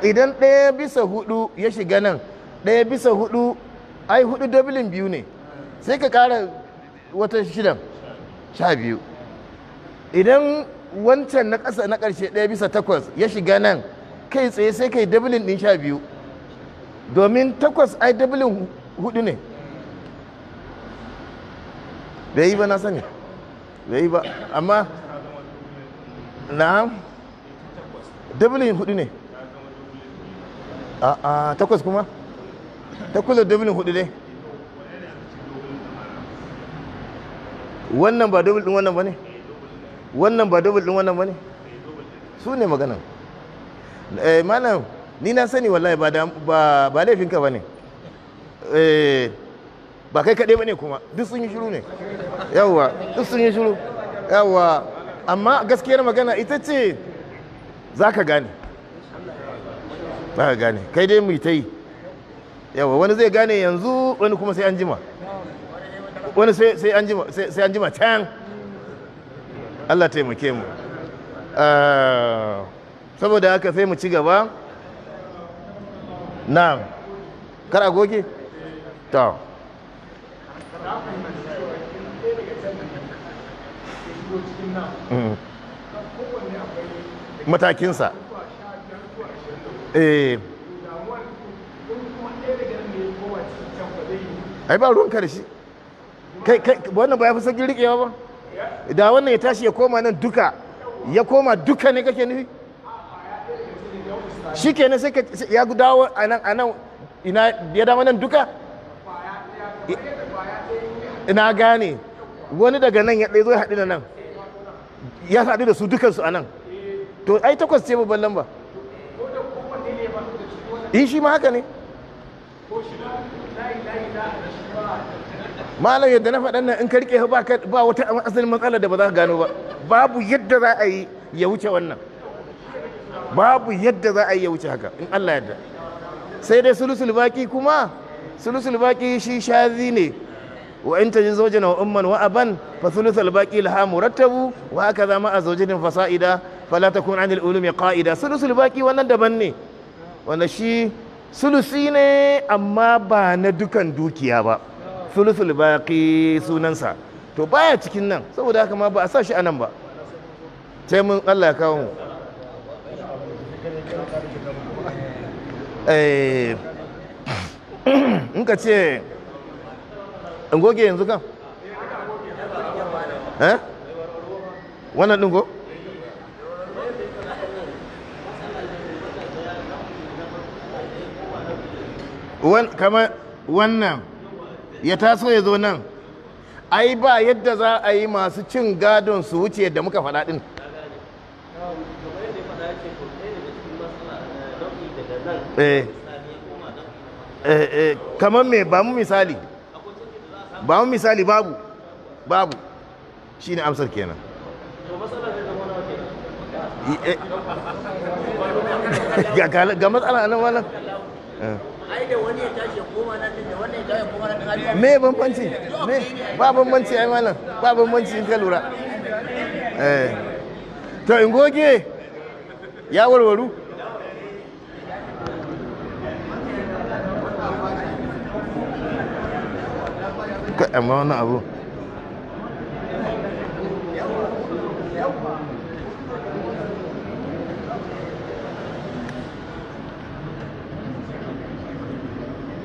idan ɗaya bisa hudu ya shiga nan ɗaya bisa hudu ai hudu dublin biyu ne sai ka ƙara wata shidan sha biyu idan wancan na ƙasa na ƙarshe ɗaya bisa takwas ya shiga nan kai tsaye sai kai dublin ɗin sha biyu domin takwas ai dublin hudu ne bai yi ba na sani bai yi ba amma na dublin hudu ne a takwas kuma takwas da dublin hudu dai wannan ba dublin wannan ba ne wannan ba dublin wannan ba ne su ne maganan eh, malam ni na sani wallahi ba laifinka ba ne eh, ba kai kaɗai ba ne kuma duk sun yi shiru ne yawwa duk sun yi shiru yawwa amma gaskiyar magana ita ce za ka gane ba ka gane kai dai mu ta yi yawa wani zai gane yanzu wani kuma sai an jima wani sai an jima sai can Allah taimake mu ah, saboda haka sai mu ci gaba na kar agogi? Ta. Mm. matakinsa Eh. ai ba ruwan karshe. kai kai wannan ba ya fi sakin rikewa ba da wannan ya tashi ya koma nan duka ya koma duka ne kake nufi shi nan sai ya dawo a nan a nan ina ya dama nan duka ina gane wani daga nan ya ɗaya zo ya haɗu da nan ya haɗu da su dukansu a nan to ai takwas ce babban lamba in eh, shi ma haka ne malam yadda na faɗan nan in ka rike ba wata asalin matsala da ba za ka gano ba babu yadda za a yi ya wuce wannan babu yadda za a yi ya wuce haka in Allah yadda sai dai sulusul baki kuma sulusul baki shi shazi ne wa in tajin zojina wa umman wa aban fa sulusul baki laha murattabu wa haka zama a zojinin fasa'ida fala takun anil ulumi qa'ida sulusul baki wannan daban ne wanda shi sulusi ne amma ba na dukan dukiya ba sulusul baqi sunansa to baya cikin nan saboda haka ma ba a sa shi anan ba sai mun Allah ya kawo mu eh, in ka ce in goge yanzu kan eh? wannan ɗin kamar wannan ya taso ya zo nan ai ba yadda za a yi masu cin gadon su wuce yadda muka faɗa ɗin eh, eh, eh, kamar mai bamu misali bamu misali babu babu shi ne amsar kenan ga matsala nan wannan ai da wani ya tashi ya koma nan da wani ya tashi koma nan me bambanci me ba bambanci ai malam ba bambanci in lura eh to goge ya warwaru abu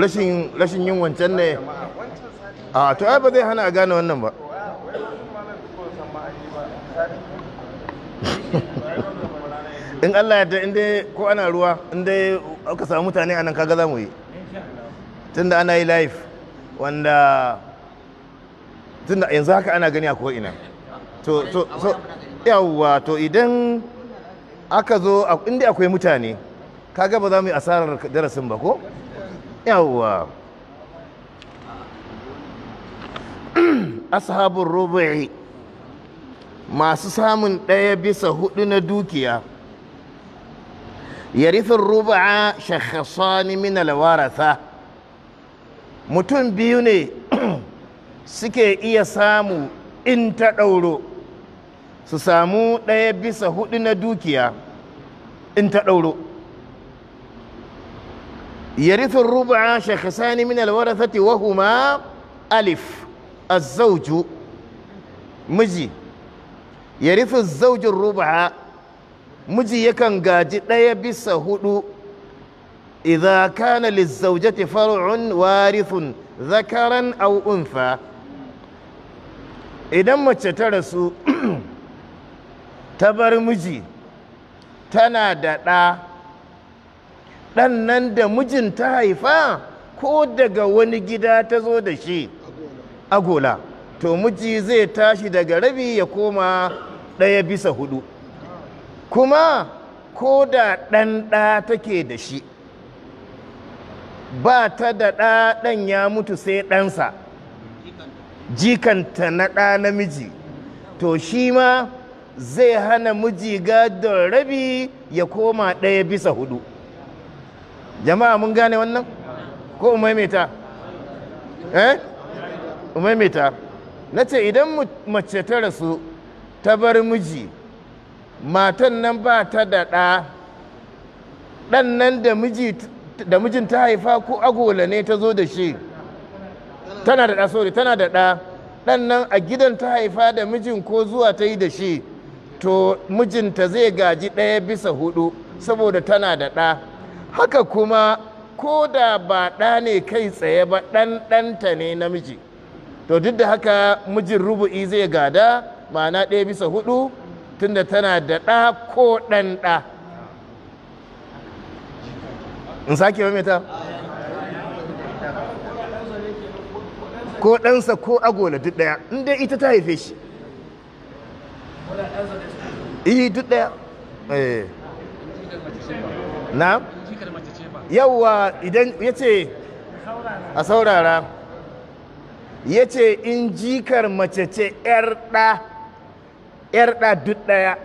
rashin rashin yin wancan ne a to ai ba zai hana a gane wannan ba in Allah ya ta inda ko ana ruwa inda aka samu mutane anan kaga za mu yi tunda ana yi live wanda tunda yanzu haka ana gani a ko'ina to to yawwa to idan aka zo inda akwai mutane kaga ba za mu yi asarar darasin ba ko yawwa ashabun rubu'i masu samun ɗaya bisa hudu na dukiya ya yarifin rubu'a shakhasani mina lawarata. mutum biyu ne suke iya samu in ta ɗauro su samu ɗaya bisa hudu na dukiya in ta ɗauro yarithun ruba shakhsani min alwarathati wa huma alif azzawju miji yarithu zaujin ruba miji yakan gaji ɗaya bisa hudu idza kana lizawjati far'un warithun zakaran aw untha idan mace ta rasu ta bar miji tana da ɗa ɗan nan da mijin ta haifa ko daga wani gida ta zo da shi agola to miji zai tashi daga rabi ya koma ɗaya bisa hudu kuma ko da ɗan ɗa take da shi ba ta da ɗa ɗan ya mutu sai ɗansa jikanta na ɗa namiji to shi ma zai hana miji gadon rabi ya koma ɗaya bisa hudu jama'a mun gane wannan ko umaimeta eh umaimeta na ce idan mace ta rasu ta bar miji matan nan ba ta da ɗa ɗan nan da mijin ta haifa ko agola ne ta zo da shi tana da ɗa tana da ɗa ɗan nan a gidan ta haifa da mijin ko zuwa ta yi da shi to mijinta zai gaji ɗaya bisa hudu saboda tana da ɗa haka kuma ko da ba ɗa ne kai tsaye ba ɗan ɗanta ne namiji to duk da haka mijin rubu'i zai gada ma'ana ɗaya bisa hudu tunda tana da ɗa ko ɗan ɗa in sake mamita ko ɗansa ko agola duk ɗaya in dai ita ta haife shi eh duk daya na yawa idan ya ce a saurara ya ce in jikar mace ce 'yar ɗa 'yar duk ɗaya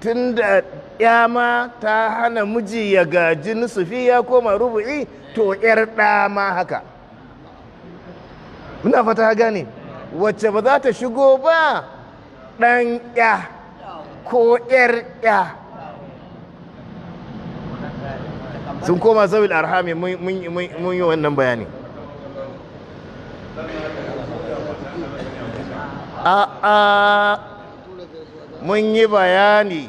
tun da ma ta hana miji ya gaji nusufi ya koma rubu'i to 'yar ɗa ma haka muna fata gane wacce ba za ta shigo ba ɗan 'ya ko ‘yar sun koma zawil arhami mun yi wannan bayani a mun yi bayani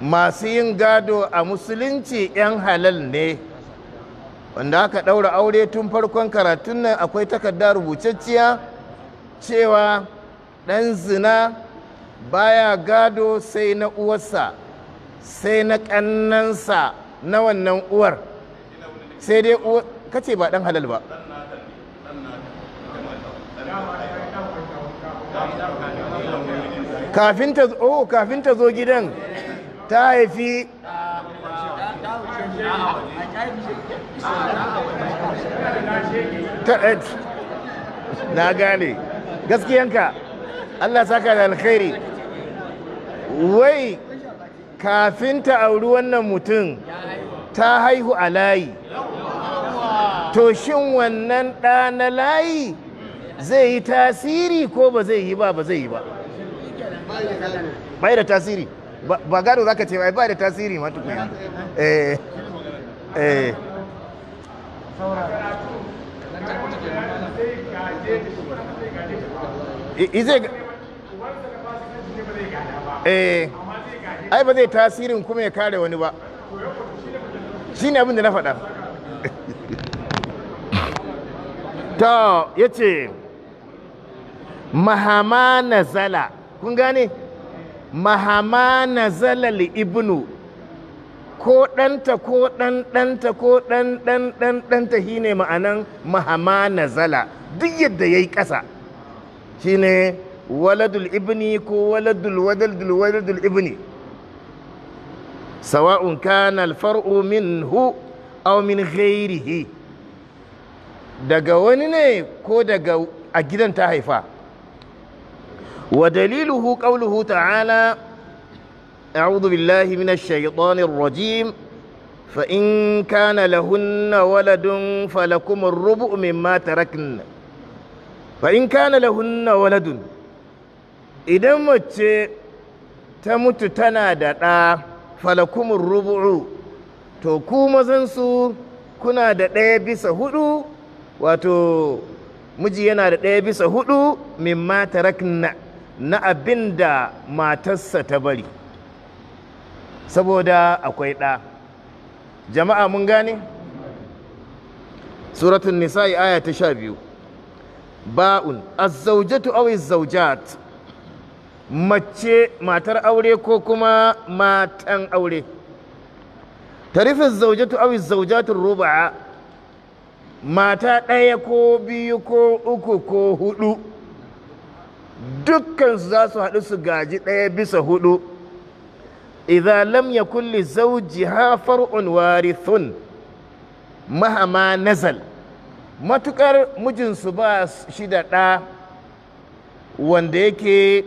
masu yin gado a musulunci 'yan halal ne wanda aka ɗaura aure tun farkon karatun nan akwai takarda rubutacciya cewa ɗan zina baya gado sai na uwarsa sai na ƙannansa na wannan uwar sai dai uwar kace ba ɗan halal ba kafin ta oh kafin ta zo gidan ta haifi eh, na gane gaskiyanka Allah saka da alkhairi wai kafin ta auri wannan mutum ta haihu a layi to shin wannan ɗa na layi zai yi tasiri ko ba zai yi ba ba zai yi ba bai da tasiri ba gado za ka ce bai da tasiri ma tukuri eh eh zai eh ai ba zai tasirin kuma ya kare wani ba shi ne abin da na faɗa ta ya ce mahama na zala kun gane mahama na zala ibnu ko ɗanta ko ɗanɗanta ko ɗanɗanɗanta shi ne ma'anan mahama na zala duk yadda ya yi ƙasa shi ne waladul ibni ko waladul waladul waladul ibni sawa'un kana alfar'u minhu aw min ghairihi daga wani ne ko daga a gidan ta haifa wa daliluhu qawluhu ta'ala a'udhu billahi minash shaitanir rajim fa in kana lahunna waladun falakum ar-rubu' mimma tarakna fa in kana lahunna waladun idan mace ta mutu tana da ɗa falakumin rubu'u to ku mazansu kuna da ɗaya bisa hudu wato miji yana da ɗaya bisa hudu min mata rakna na abin da matarsa ta bari saboda akwai ɗa jama'a mun gane suratun nisa'i aya ta sha biyu ba'un azzaujatu awi zaujat mace matar aure ko kuma matan aure tarifin zaujatu awi zaujatun ruba'a mata ɗaya ko biyu ko uku ko hudu dukkansu za su haɗu su gaji ɗaya bisa hudu idza lam ya li zawjiha far'un warithun mahama nazal matukar mijinsu ba shi da ɗa wanda yake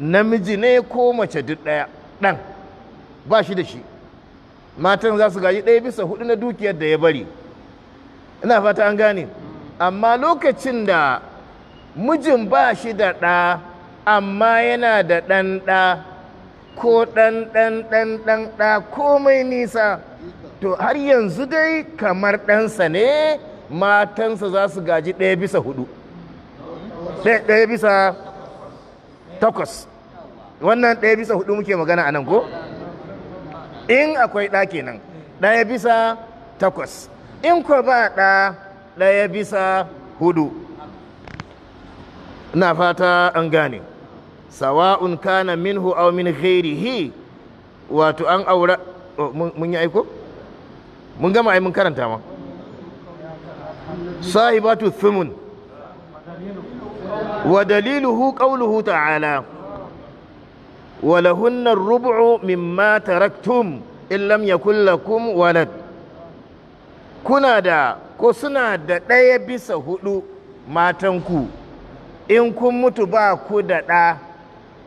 namiji ne ko mace duk ɗaya ɗan ba shi da shi matan za su gaji ɗaya bisa hudu na dukiyar da ya bari ina fata an gane amma lokacin da mijin ba shi da ɗa amma yana da ɗan ɗa ko ɗan ɗan ɗan ɗan ɗa komai nisa to har yanzu dai kamar ɗansa ne matansa za su gaji ɗaya bisa hudu ɗaya bisa takwas wannan ɗaya bisa hudu muke magana a nan ko in akwai ɗa kenan ɗaya bisa takwas in ko ba ɗa ɗaya bisa hudu na fata an gane sawa'un kana minhu aw min ghairihi wato an aura oh, mun yi aiko mun gama ai mun karanta ma sahibatu thumun wa daliluhu qawluhu ta'ala ولهن الربع مما تركتم in lam yakun lakum walad kuna da ko suna da ɗaya bisa huɗu matanku in kun mutu ba ku da ɗa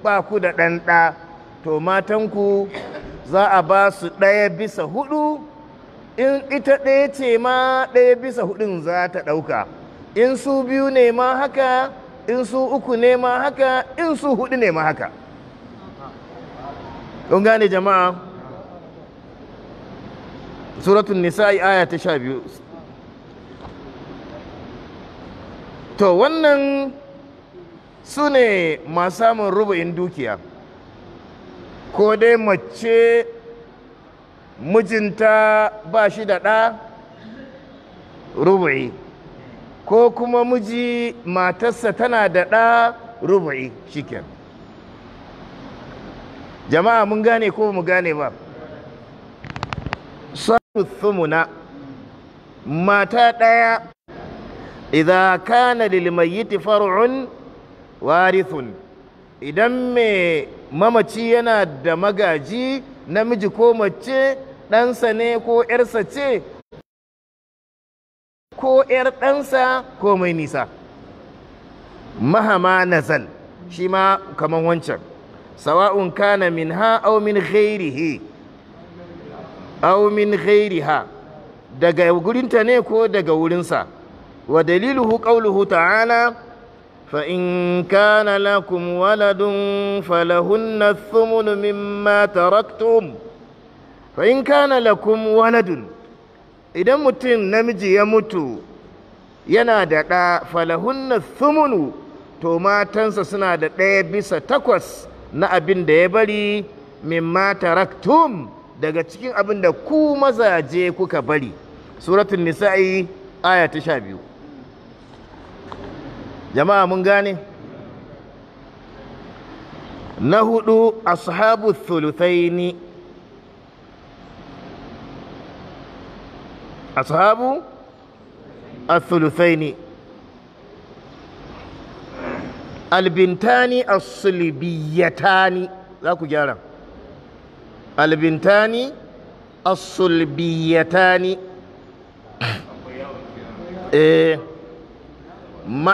ba ku da ɗan ɗa to matanku za a ba su ɗaya bisa huɗu? in ita ɗaya ce ma ɗaya bisa hudun za ta ɗauka in su biyu ne ma haka in su uku ne ma haka in su hudu ne ma haka kun gane jama'a suratun nisa'i aya ta sha biyu to wannan su ne masu samun rubu'in dukiya ko dai mace mijinta ba shi da ɗa rubu'i ko kuma miji matarsa tana da ɗa rubu'i shiken jama'a mun gane ko mu gane ba sabu thumuna mata ɗaya idza kana lil mayyiti far'un warithun idan mai mamaci yana da magaji namiji ko mace ɗansa ne ko ‘yarsa ce ko ‘yar ɗansa ko mai nisa mahama nazal shi ma kamar wancan sawa'un kana ha au min ghairihi au min ghairiha daga gurinta ne ko daga wurinsa wa daliluhu qawluhu ta'ala fa in kana lakum waladun falahunna thumnu mimma taraktum fa in kana lakum waladun idan mutum namiji ya mutu yana da ɗa falahunna thumnu to matansa suna da ɗaya bisa takwas na abin da ya bari mata raktum daga cikin abin da ku mazaje kuka bari suratun nisa'i aya ta sha biyu jama'a mun gane na hudu ashabu thuluthaini ashabu albintani as za ku gyara albintani as-sulbiyatani eh ma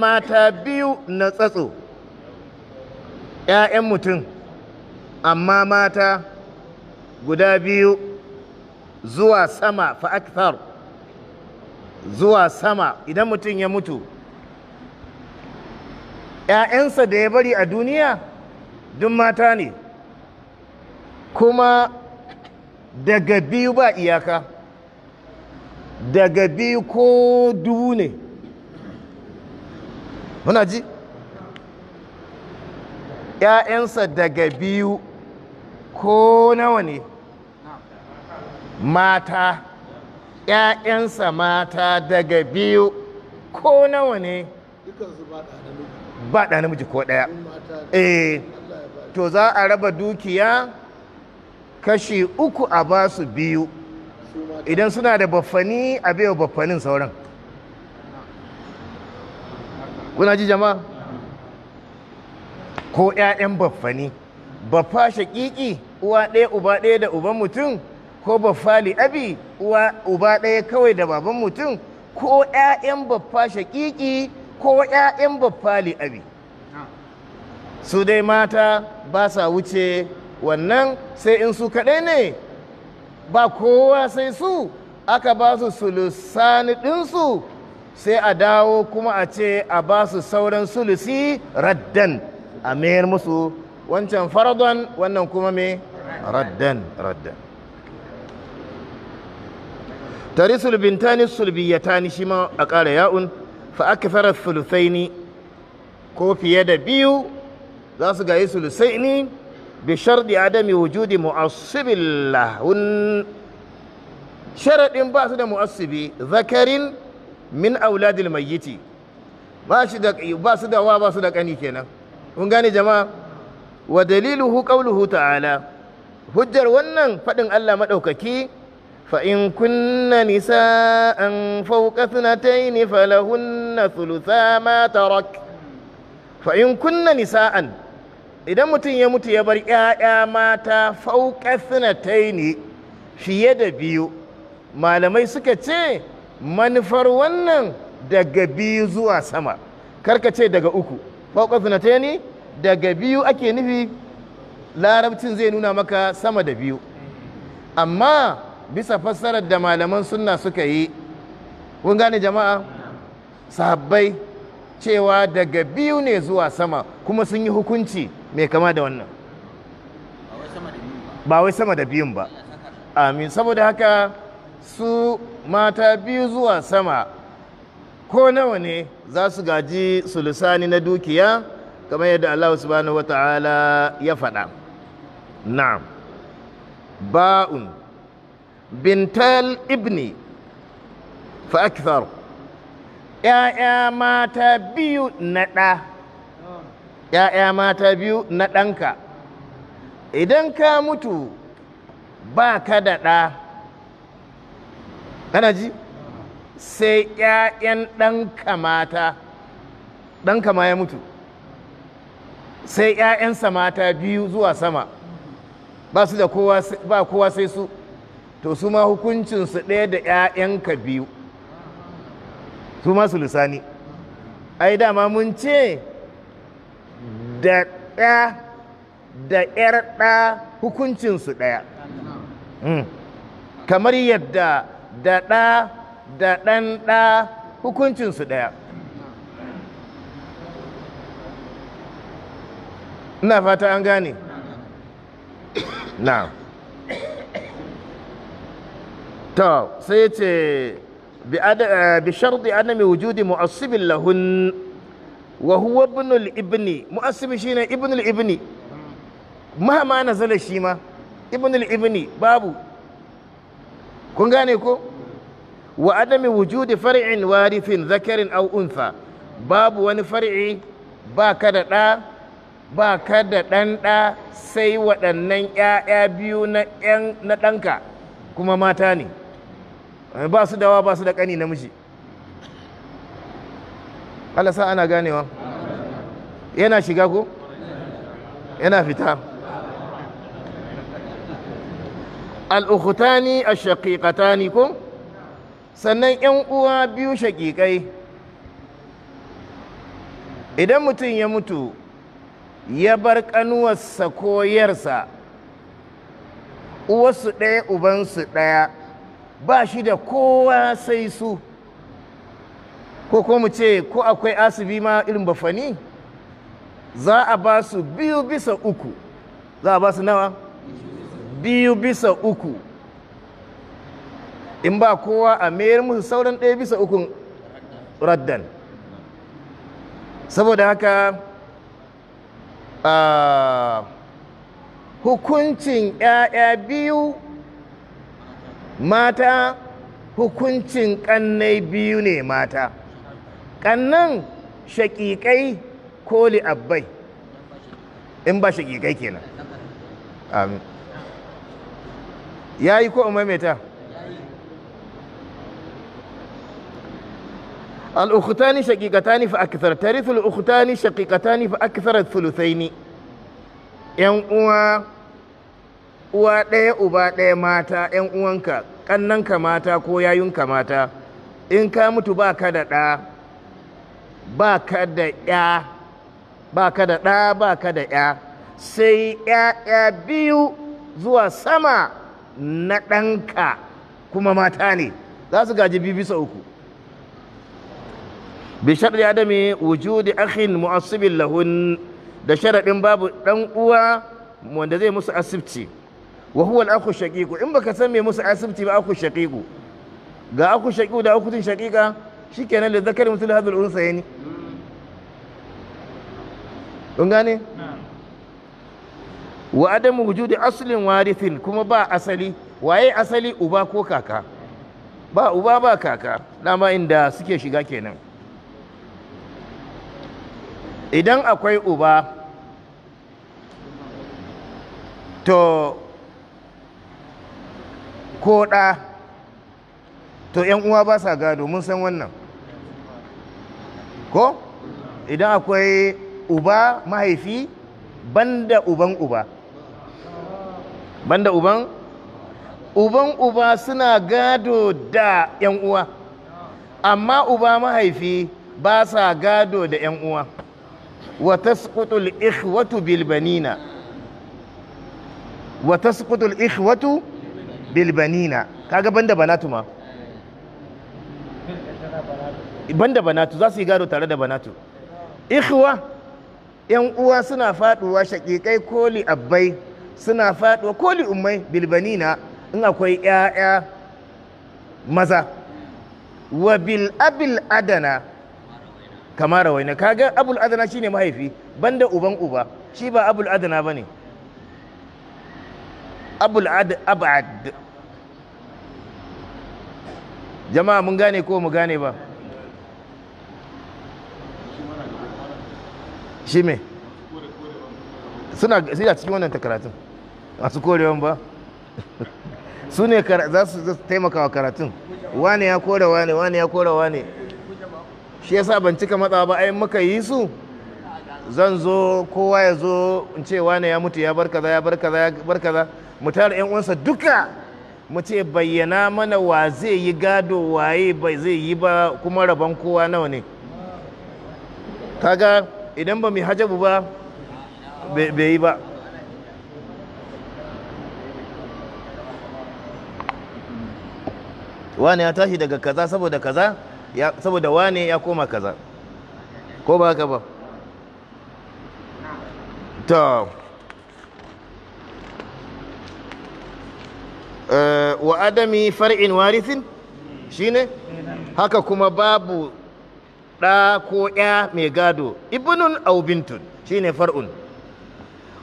mata biyu na tsatso 'ya'yan mutum amma mata guda biyu zuwa sama fa'akfar, zuwa sama idan mutum ya mutu ‘ya'yansa da ya bari a duniya duk mata ne kuma daga biyu ba iyaka daga biyu ko dubu ne muna ji ‘ya'yansa daga biyu ko nawa ne mata ‘ya'yansa mata daga biyu ko nawa ne dukansu ba da ba ɗa namiji ko ɗaya eh to za a raba dukiya kashi uku a ba su biyu idan suna da baffani a biya baffanin sauran kuna ji jama'a ko 'ya'yan baffani baffa shaƙiƙi uwa ɗaya uba ɗaya da uban mutum ko baffa li'abi uwa uba ɗaya kawai da baban mutum ko 'ya'yan baffa shaƙiƙi ko ‘ya'yan a abi su dai mata ba sa wuce wannan sai in su kaɗai ne ba kowa sai su aka ba su sulusani ɗinsu sai a dawo kuma a ce a ba su sauran sulusi raddan a mayar musu wancan faradon wannan kuma mai raddan raddan tarisul bintani sulbiyatani shi ma a ƙara ya'un fa akthara thuluthaini ko fiye da biyu za su gayi sulusaini bi sharɗi adami wujudi mu'assibin lahun sharaɗin ba su da mu'assibi zakarin min auladil mayyiti ba shi da ba su da wa ba su da kani kenan kun jama'a wa daliluhu qawluhu ta'ala hujjar wannan faɗin Allah maɗaukaki فإن كن نساء فوق اثنتين فلهن ثلثا ما ترك فإن كن نساء idan mutum ya mutu ya bar ‘ya'ya mata fauka ne fiye da biyu malamai suka ce manufar wannan daga biyu zuwa sama karka ce daga uku fauka ne daga biyu ake nufi larabcin zai nuna maka sama da biyu amma bisa fassarar da malaman sunna suka yi kun gane jama'a sahabbai cewa daga biyu ne zuwa sama kuma sun yi hukunci mai kama da wannan ba wai sama da biyun ba amin saboda haka su mata biyu zuwa sama ko nawa ne za su gaji sulusani na dukiya kamar yadda Allah subhanahu ta'ala ya faɗa na'am ba'un bintal ibni fa'akthar ‘ya'ya mata biyu na ɗa ‘ya'ya mata biyu na ɗanka idan ka mutu ba ka da ɗa ana ji sai ‘ya'yan ɗanka mata ɗanka ma ya mutu sai ‘ya'yansa mata biyu zuwa sama ba su da kowa sai su to su ma hukuncinsu ɗaya da 'ya'yanka biyu su masu lisani ai dama mun ce da ɗa da 'yar ɗa hukuncinsu ɗaya hmm. kamar yadda da ɗa da ɗan ɗa hukuncinsu ɗaya ina fata an gane na to sai ya ce bi eh, sharɗi anami wujudi mu'assibin lahun wa huwa ibnul ibni mu'assibi shine ibnul ibni mahama nazala shi ma ibnul ibni babu kun gane ko wa adami wujudi far'in warithin zakarin aw untha babu wani far'i ba ka da ɗa ba ka da ɗan ɗa sai waɗannan 'ya'ya biyu na ɗanka kuma mata ne Eh, ba su dawa ba su da ƙani namiji Allah sa ana ganewa yana shiga ko yana fita al'ukutani a shaƙiƙatani ko sannan ‘yan uwa biyu shaƙiƙai idan mutum ya mutu ya bar ƙanuwarsa ko yarsa uwarsu ɗaya ubansu ɗaya ba shi da kowa sai su ko ko mu ce ko akwai asibi ma irin bafani za a ba su biyu bisa uku za a ba su nawa biyu bisa uku in ba kowa a mayar musu sauran ɗaya bisa ukun raddan saboda haka ah, hukuncin 'ya'ya biyu mata hukuncin kannai biyu ne mata kannan shakikai koli li'abbai in ba shakikai kenan amin ya yi ko maimaita al’ukhutani shakikatani fi akithar tarif al’ukhutani shakikatani fi akithar al’ulusai ne 'yan uwa uwa ɗaya uba ɗaya mata ‘yan uwanka ƙannanka mata ko yayunka mata in ka mutu ba ka da ɗa ba ka da ɗa ba ka da ɗa ba ka da ɗa sai ‘ya'ya biyu zuwa sama na ɗanka kuma mata ne za su gaji biyu bisa uku bishar ya dame wujudi akhin mu'assibin lahun da sharaɗin babu ɗan uwa wanda zai musu asibci wa huwa al-akhu shaqiqu in baka san me musu asibiti ba akhu shaqiqu ga akhu shaqiqu da akhu shaqiqa shikenan da zakari mutul hadal unsa yani kun gane wa adamu wujudi aslin warithin kuma ba asali waye asali uba ko kaka ba uba ba kaka dama inda suke shiga kenan idan akwai uba to ko ɗa to yan uwa ba sa gado mun san wannan ko idan akwai uba mahaifi banda uban uba banda uban uban uba suna gado da yan uwa amma uba mahaifi ba sa gado da yan uwa wa tasqutul ikhwatu bil banina wa ikhwatu bilbanina kaga banda banatu ma banda banatu za su yi gado tare da banatu ikhwa yan uwa suna faduwa shakikai koli abbai suna faduwa koli ummai bilbanina in akwai yaya maza wa bil abil adana kamar waina kaga abul adana shine mahaifi banda uban uba shi ba abul adana bane abul ad abad jama'a mun gane ko mu gane ba shi me suna cikin wannan takaratun masu korewan ba su ne za su taimaka wa karatun wane ya kore wane wane ya kore wane shi yasa ban cika matsawa ba ai muka yi su zan zo kowa ya zo in ce wane ya mutu ya bar kaza ya bar kaza ya bar kaza mu tara yan uwansa duka mu ce bayyana mana wa zai yi gado waye bai zai yi ba kuma rabon kowa nawa ne kaga idan ba mai hajabu ba bai yi ba wane ya tashi daga kaza saboda kaza saboda wane ya koma kaza ko ba haka ba to Eh, wa adami far'in warithin shine haka kuma babu ɗa ko ya mai gado ibnun aw bintun shine far'un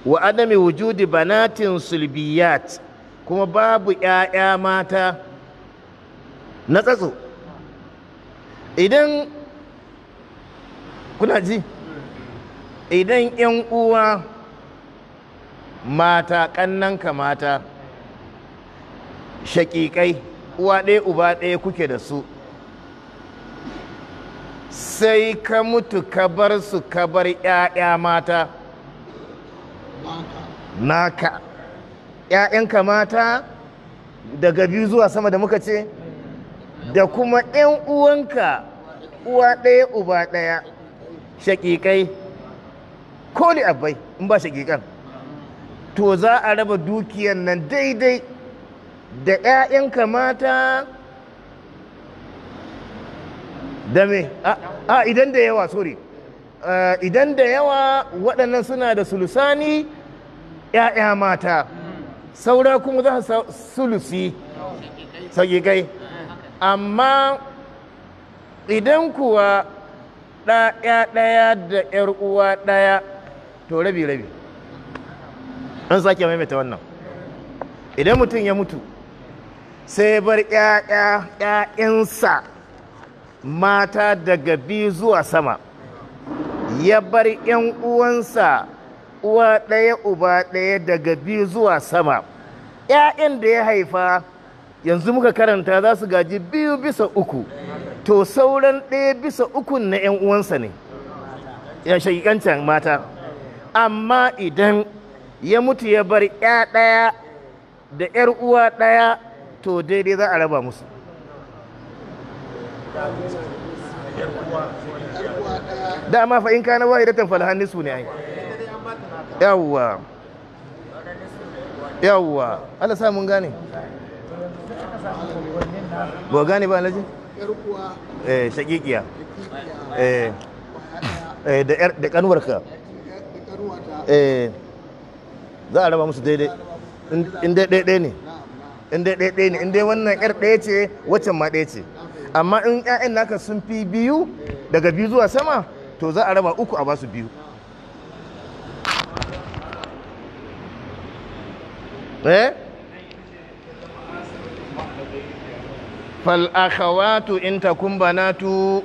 wa adami wujudi banatin sulbiyat kuma babu ‘ya'ya mata na tsatso idan kuna ji idan ‘yan uwa mata ƙannanka mata shaƙiƙai uwa ɗaya uba ɗaya kuke da su sai ka mutu ka bar su ka bar ‘ya'ya mata naka ‘ya'yanka mata daga biyu zuwa sama da muka ce da kuma ‘yan uwanka uwa ɗaya uba ɗaya shaƙiƙai ko abai in ba shaƙiƙan to za a raba dukiyan nan daidai da ƴaƴanka mata da me a idan da yawa sorry idan da yawa waɗannan suna da sulusani 'ya'ya mata saura kuma za su sulusi sauƙiƙai amma idan kuwa ɗaya ɗaya da 'yar uwa ɗaya to rabi-rabi an sake maimaita wannan idan mutum ya mutu sai bar ‘ya'yansa mata daga biyu zuwa sama ya bar ‘yan uwansa uwa ɗaya uba ɗaya daga biyu zuwa sama ‘ya'yan da ya haifa yanzu muka karanta za su gaji biyu bisa uku to sauran ɗaya bisa uku na ‘yan uwansa ne ya mata amma idan ya mutu ya bar ‘ya da ‘yar uwa ɗaya to daidai za a raba musu dama fa in kana wahidatan falhan su ne ai yawwa yawwa Allah sa mun gane ba gane ba alaji eh shakikiya eh eh da da ka eh za a raba musu daidai in daidai ne in dai ɗaya ne in dai wannan 'yar ɗaya ce waccan ma ɗaya ce amma in ƴaƴan naka sun fi biyu daga biyu zuwa sama to za a raba uku a basu biyu eh fal akhawatu in takum banatu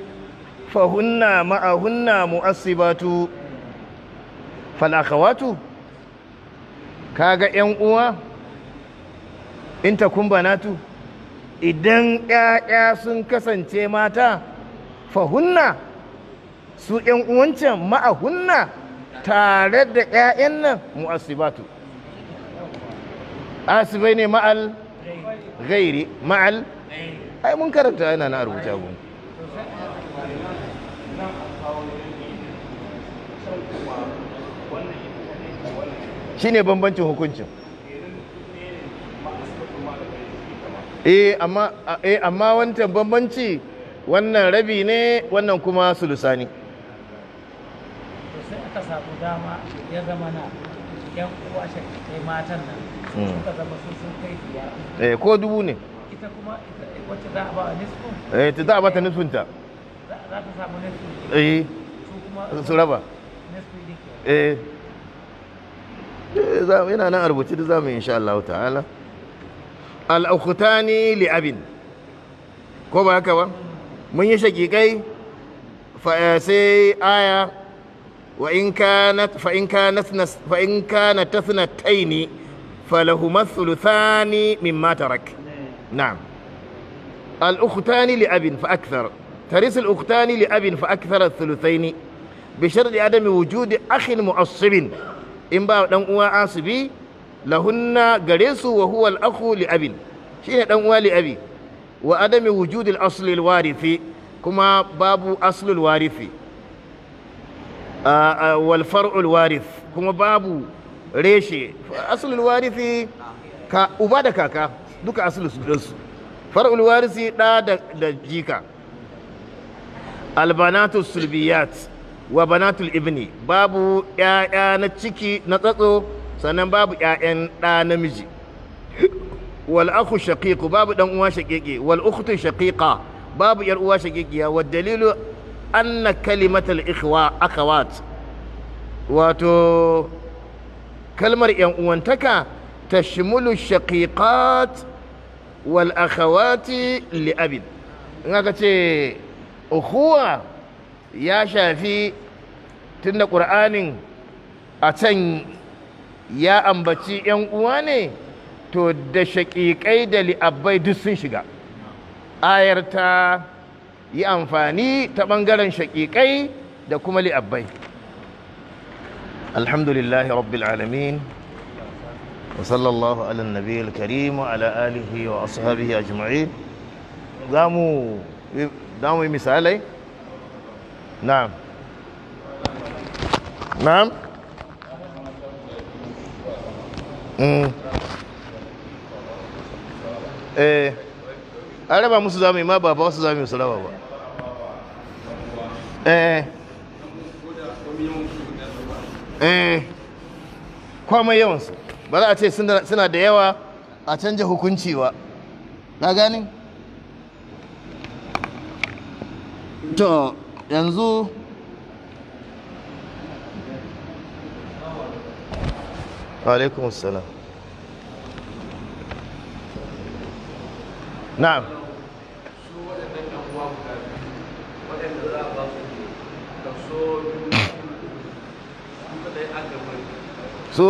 hunna mu mu'assibatu fal akhawatu kaga yan uwa in ta tu idan ‘ya'ya sun kasance mata fahunna su ‘yan uwancan ma'ahunna tare da ‘ya'yan nan asibatu. asibai ne ma'al gairi ma'al ai mun karanta yana na rubuta gun shine ne bambancin hukuncin Eh, eh amma wancan bambanci wannan rabi ne wannan kuma sulusa ne sai aka samu dama ya zama na yan uwa matan nan hmm. suka zama sun sun kai biya. eh ko dubu ne ita kuma eh, wacce za a ba nisfin eh ta za a ba ta nisfin ta za ta samu nisfin eh su kuma su raba nisfin eh, eh yana nan a rubuce da zamu insha Allah ta'ala al'ukutani li'abin ko ba haka ba mun yi shakikai eh, sai aya fa'in kana tasna taini falahumar thuluthani min matarak na'am al'ukutani li'abin fa'akthar ترث الأختان لأب فأكثر الثلثين بشرط عدم وجود أخ مؤصب إن با dan uwa asibi lahunna gare su wa huwa al-akhu li abin shine dan uwa li abi wa adami wujudil al-warithi kuma babu aslu al-warithi wal far'u al-warith kuma babu reshe aslu al-warithi ka uba da kaka duka aslu su dinsu far'u al-warithi da da jika albanatu sulbiyat wa banatul ibni babu 'ya'ya na ciki na tsatso sannan babu ƴaƴan ɗa namiji wal akhu shaqiqu babu dan uwa shaqiqi wal ukhtu shaqiqa babu yar uwa shaqiqiya wa dalilu anna kalimatal ikhwa akhawat wato kalmar yan uwantaka tashmulu shaqiqat wal akhawati li abid in aka ce ukhuwa ya shafi tunda qur'anin a can ya ambaci ‘yan uwa ne to da shaƙiƙai da li'abbai duk sun shiga ayar ta yi amfani ta ɓangaren shaƙiƙai da kuma li'abbai alhamdulillahi rabbil alamin wa sallallahu ala nabi al-karim wa ala alihi wa ashabihi ajma'in za mu yi misalai na'am na'am Eh, eh an musu zamu ma ba ba su zamu su raba ba eh eh, eh kwamai yawansu ba za a ce suna da yawa a canja hukunci ba na gani to yanzu alaikum assalam na'am su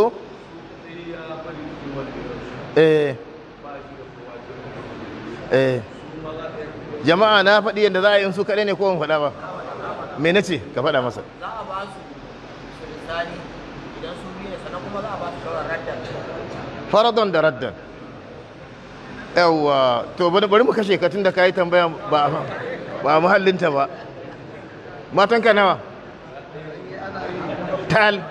eh eh jama'a na faɗi yadda za a yi in su kaɗai ne ko in faɗa ba me na ce ka faɗa masa za a ba su misali faradon da raddan yawwa to bari mu kashe katun da ka yi tambaya ba a muhallinta ba matanka nawa tal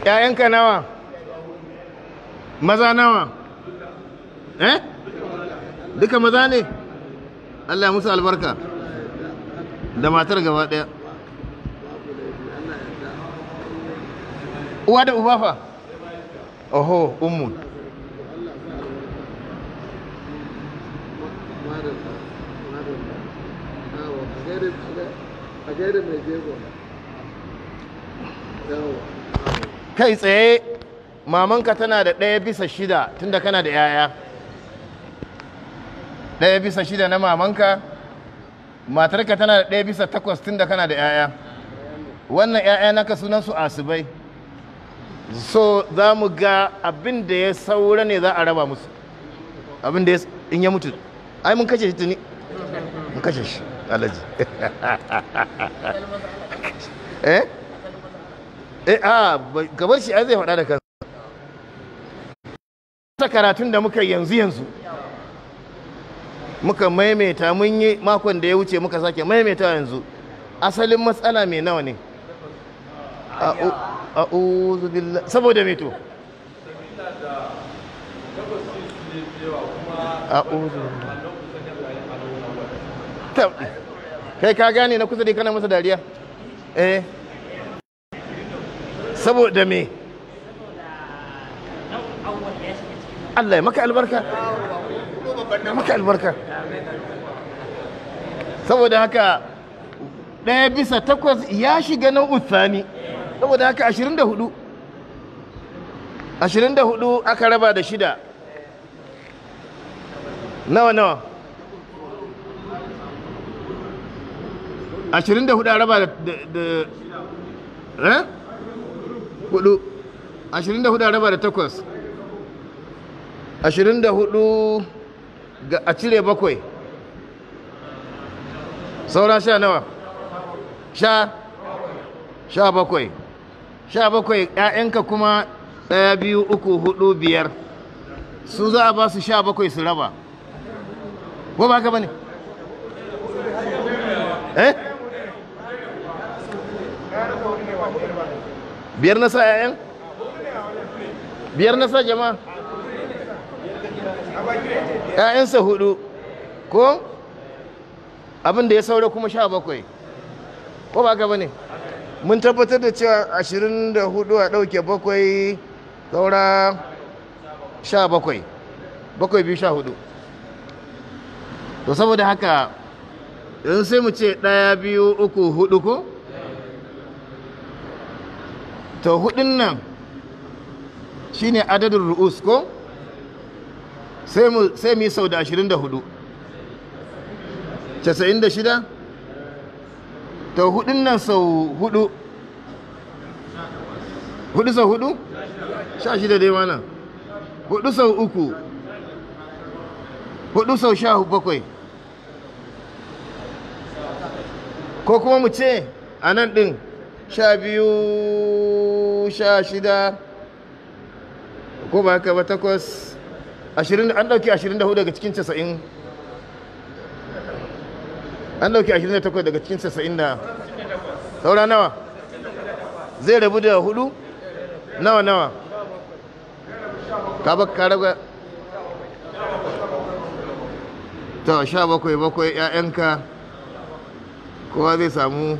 ‘ya'yanka nawa maza nawa eh duka maza ne Allah ya musu albarka da matar gaba daya uwa da Ubafa, oho ummu kai tsaye mamanka tana da ɗaya bisa shida tunda kana da 'ya'ya ɗaya bisa shida na mamanka matarka tana da ɗaya bisa takwas tun da kana da 'ya'ya wannan 'ya'ya naka sunan su asibai so za mu ga abin da ya saura ne za a raba musu abin da in ya mutu ai mun kashe shi tuni mun kashe shi alaji eh eh a gabar shi ai zai faɗa da kansa ta karatun da muka yanzu yanzu muka maimaita mun yi makon da ya wuce muka sake maimaita yanzu asalin matsala mai nawa ne A saboda mai to kai ka gane na kusa da kana masa dariya eh saboda me Allah ya maka albarka maka albarka saboda haka ɗaya bisa takwas ya shiga na uthani saboda haka ashirin da hudu ashirin da hudu aka raba da shida nawa nawa ashirin da hudu a raba da eh? hudu ashirin da hudu a raba da takwas ashirin da hudu a cire bakwai saura sha nawa sha sha bakwai sha bakwai ‘ya'yanka kuma ɗaya biyu uku hudu biyar su za a ba su sha bakwai su raba ko ba ka ba ne? Eh? biyar na sa ‘ya'yan? biyar na sa jama'a ‘ya'yansa hudu ko abin da ya saura kuma sha bakwai ko ba gaba ne mun tabbatar da cewa ashirin da hudu a ɗauke bakwai saura sha bakwai bakwai biyu sha hudu to saboda haka yanzu sai mu ce ɗaya biyu uku hudu ko to hudun nan shine adadin ru'us ko sai mu yi sau da ashirin da hudu casa'in da shida ta hudun nan sau hudu hudu sau hudu sha shida dai mana hudu sau uku hudu sau sha bakwai ko kuma mu ce a nan din sha biyu sha shida ko ba haka ba takwas an ɗauki 24 daga cikin casa'in an ɗauki 28 daga cikin casa'in da saura nawa zai rabu da hudu nawa nawa ka baka raba ta sha bakwai bakwai 'ya'yanka kowa zai samu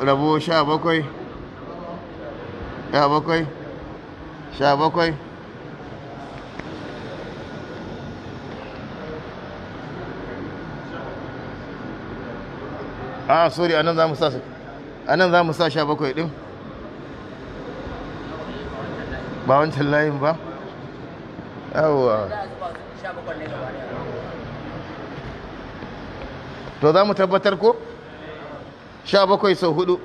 rabo sha bakwai ya bakwai sha bakwai a ah, sorry anan za mu sa anan za mu sa 17 din ba wancan layin ba yawwa to za mu tabbatar ko 17 sau hudu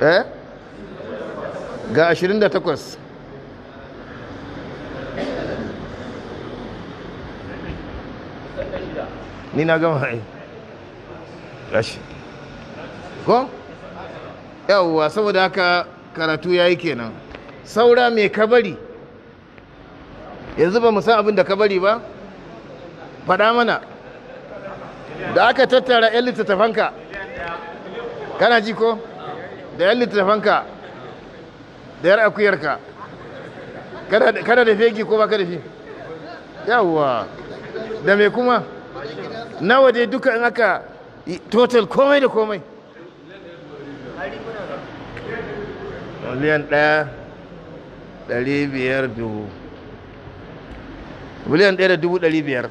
eh ga 28 ni na gama ai gashi ko yawwa saboda haka karatu yayi kenan saura mai kabari yanzu ba mu san abin da kabari ba faɗa mana da aka tattara ƴan littattafanka kana ji ko da ƴan littattafanka da 'yar akuyarka Kada da fegi ko ba ka da fi yawwa da me kuma nawa dai duka in aka total komai da komai miliyan ɗaya ɗari biyar dubu miliyan ɗaya da dubu ɗari biyar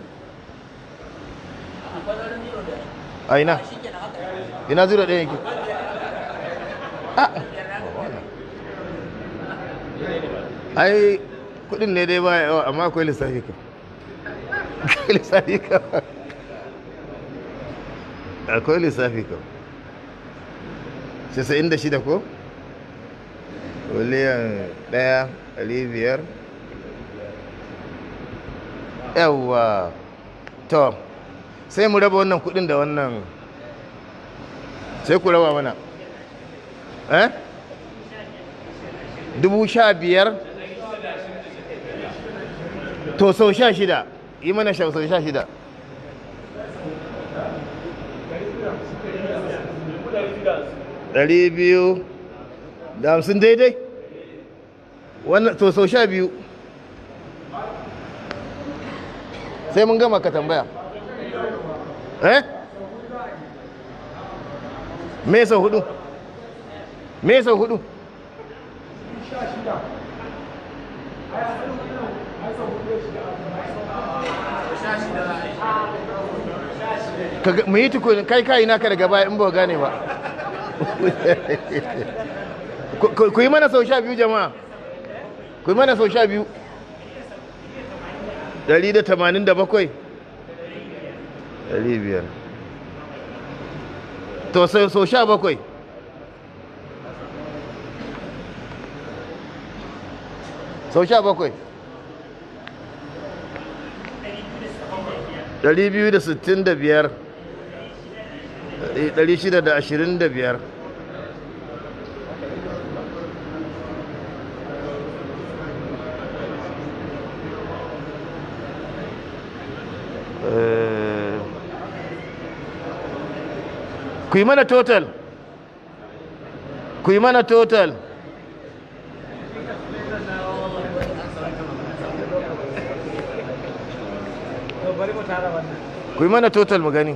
a ina ina zura ɗaya yake ah! ai kudin ne dai ba yawa amma akwai lissafi ka lissafi ka akwai lissafi kam 96 ko? miliyan 1,500 yawwa to sai mu raba wannan kudin da wannan sai ku raba mana eh? 15,000 to sau sha shida, yi mana sau shida ɗari biyu da hamsin daidai wannan to sau sha biyu sai mun gama ka tambaya eh me sau hudu me sau hudu mu yi tukunin kai kayi naka daga baya in ba gane ba ku yi mana sau sha biyu jama'a ku yi mana sau sha biyu 187 500 to sau sau sha bakwai sau sha bakwai 265 625 eh, ku yi mana total ku yi mana total ku yi mana total mu gani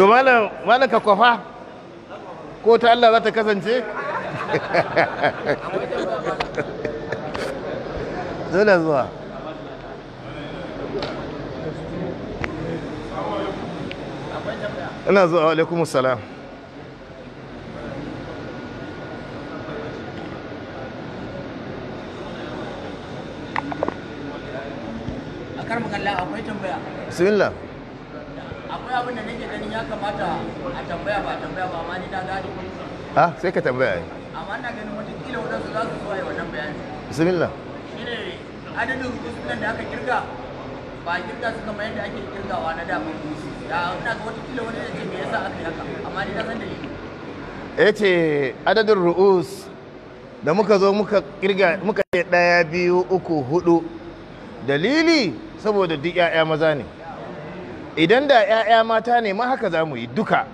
to malam ka kwafa ko ta Allah za ta kasance dole zuwa ina zuwa alaikum salam a bismillah ya kamata a tambaya ba tambaya ba ah, sai ka tambaya amma ina ganin kila za su wannan bayani bismillah adadin da aka kirga ru'us da muka zo muka kirga muka ɗaya biyu uku hudu dalili saboda duk 'ya'ya maza ne idan da 'ya'ya mata ne ma haka za mu yi duka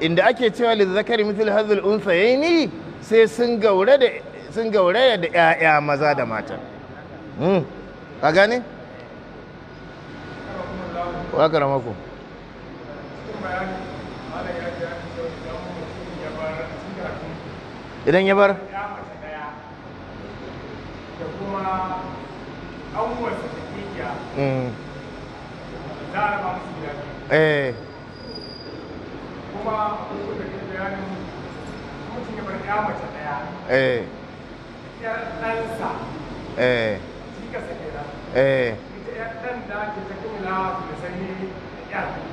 inda ake cewa lizzakari mithil hazil unsayaini sai sun gaure da sun gauraya da 'ya'ya maza da mata hmm. ka gane? wakar mako idan ya bar da kuma an wasu da eh kuma da eh eh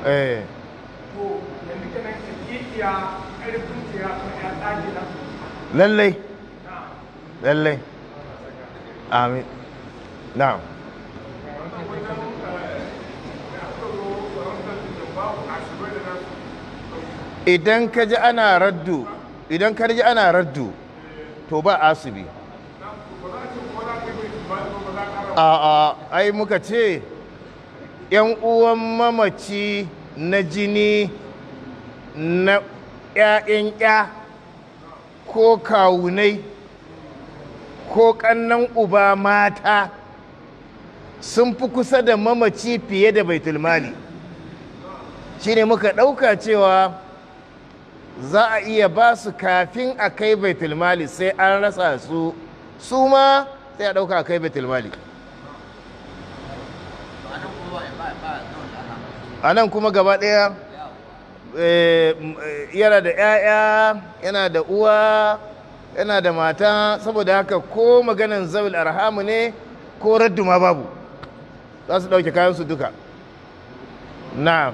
eh ya lallai lallai amin idan ka ji ana raddu idan ka ji ana raddu to ba asibi a'a ai muka ce yan uwan mamaci na jini na 'ya'yan 'ya, ko kawunai ko ƙannan uba mata sun fi kusa da mamaci fiye da baitulmali shine muka ɗauka cewa za a iya ba su kafin a kai baitulmali sai an rasa su su ma sai a ɗauka a kai baitulmali a nan kuma gaba ɗaya eh, yana da 'ya'ya yana da uwa yana da mata saboda haka ko maganan zaul arhamu ne ko raddu ma babu za su ɗauke kayan su duka na'am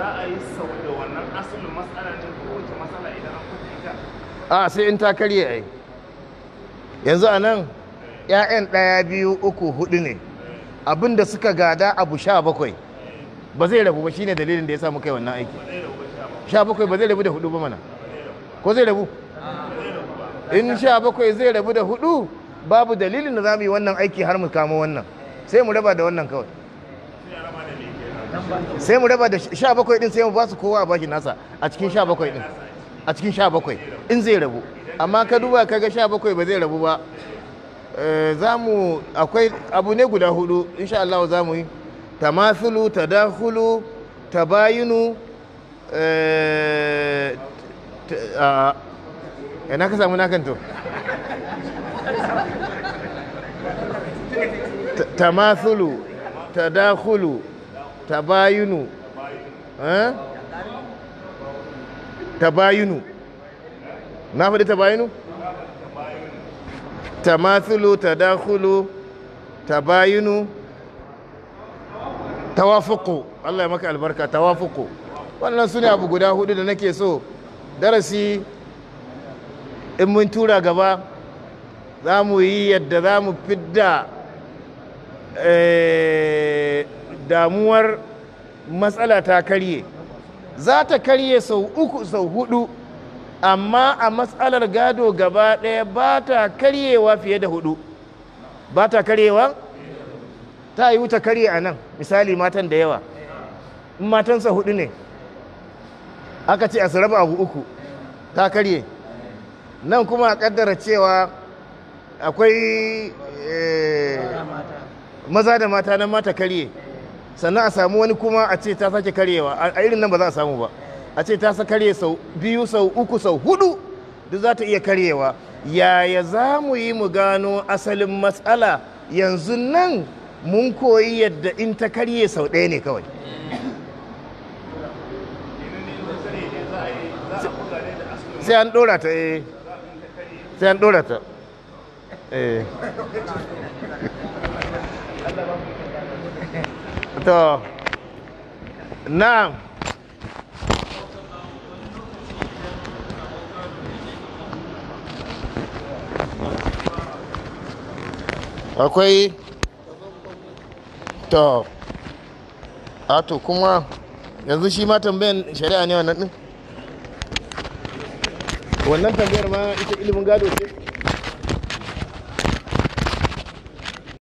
za a yi sau da wannan asalin matsala ne ko wace matsala idan an kuɗi a sai in ta karye ai yanzu a nan ‘ya'yan ɗaya biyu uku hudu ne abin da suka gada abu sha bakwai ba zai rabu ba shine dalilin da ya samu kai wannan aiki sha bakwai ba zai rabu da hudu ba mana ko zai rabu in sha bakwai zai rabu da hudu babu dalilin da za mu yi wannan aiki har mu kama wannan sai mu raba da wannan kawai sai mu raba da sha bakwai din sai mu ba su kowa bashi nasa a cikin sha bakwai din a cikin sha bakwai in zai rabu amma ka duba kaga sha bakwai ba zai rabu ba eh, za mu akwai abu ne guda hudu insha Allah za mu yi tamasulu tadahulu tabayinu eh, na ka samu nakanto tamasulu tadahulu tabayunu eh? tabayunu na faɗi tabayunu tamathulu tadakhulu tabayunu tawafuku Allah ya maka albarka tawafuku wannan su ne abu guda hudu da nake so darasi in mun tura gaba za mu yi yadda za mu fidda eh, damuwar matsala ta karye za ta karye sau uku sau hudu amma a matsalar gado gaba ɗaya ba ta karyewa fiye da hudu ba ta karyewa ta yi wuta karye a nan misali matan da yawa in matansa hudu ne aka ce a su raba abu uku ta karye nan kuma a kaddara cewa akwai eh, maza da mata nan mata karye sannan a samu wani kuma a ce ta sake karyewa a irin nan ba za a samu ba a ce ta sa karye sau biyu sau uku sau hudu duk za ta iya karyewa yaya za mu yi mu gano asalin matsala yanzu nan mun koyi yadda in ta karye sau ɗaya ne kawai sai an ɗora ta eh sai an ɗora ta eh to na akwai to a to kuma yanzu shi ma tambayan shari'a ne wannan din wannan tambayar ma ita ilimin gado ce